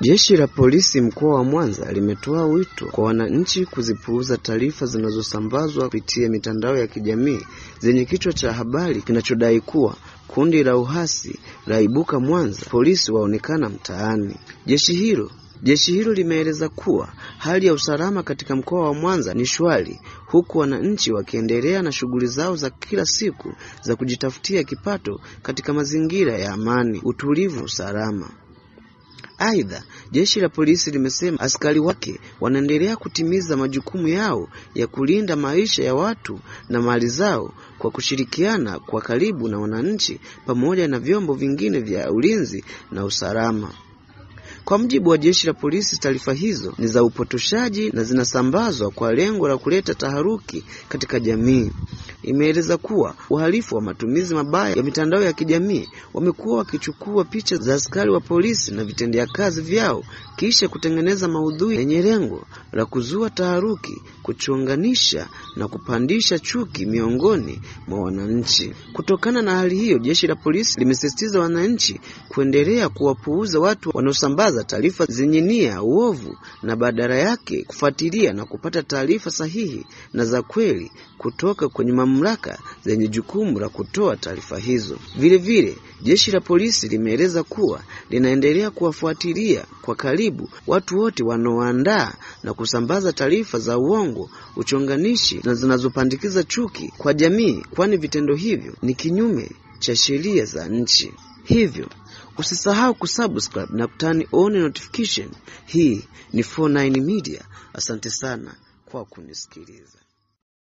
Jeshi la Polisi mkoa wa Mwanza limetoa wito kwa wananchi kuzipuuza taarifa zinazosambazwa kupitia mitandao ya kijamii zenye kichwa cha habari kinachodai kuwa kundi la uhasi laibuka Mwanza, polisi waonekana mtaani. Jeshi hilo Jeshi hilo limeeleza kuwa hali ya usalama katika mkoa wa Mwanza ni shwari huku wananchi wakiendelea na shughuli zao za kila siku za kujitafutia kipato katika mazingira ya amani, utulivu, usalama. Aidha, jeshi la polisi limesema askari wake wanaendelea kutimiza majukumu yao ya kulinda maisha ya watu na mali zao kwa kushirikiana kwa karibu na wananchi pamoja na vyombo vingine vya ulinzi na usalama. Kwa mujibu wa jeshi la polisi, taarifa hizo ni za upotoshaji na zinasambazwa kwa lengo la kuleta taharuki katika jamii imeeleza kuwa wahalifu wa matumizi mabaya ya mitandao ya kijamii wamekuwa wakichukua picha za askari wa polisi na vitendea kazi vyao kisha kutengeneza maudhui yenye lengo la kuzua taharuki, kuchonganisha na kupandisha chuki miongoni mwa wananchi. Kutokana na hali hiyo, jeshi la polisi limesisitiza wananchi kuendelea kuwapuuza watu wanaosambaza taarifa zenye nia uovu na badala yake kufuatilia na kupata taarifa sahihi na za kweli kutoka kwenye mamu mamlaka zenye jukumu la kutoa taarifa hizo. Vilevile vile, jeshi la polisi limeeleza kuwa linaendelea kuwafuatilia kwa karibu watu wote wanaoandaa na kusambaza taarifa za uongo, uchonganishi na zinazopandikiza chuki kwa jamii, kwani vitendo hivyo ni kinyume cha sheria za nchi. Hivyo usisahau kusubscribe na kutani on notification. Hii ni 49 Media. Asante sana kwa kunisikiliza.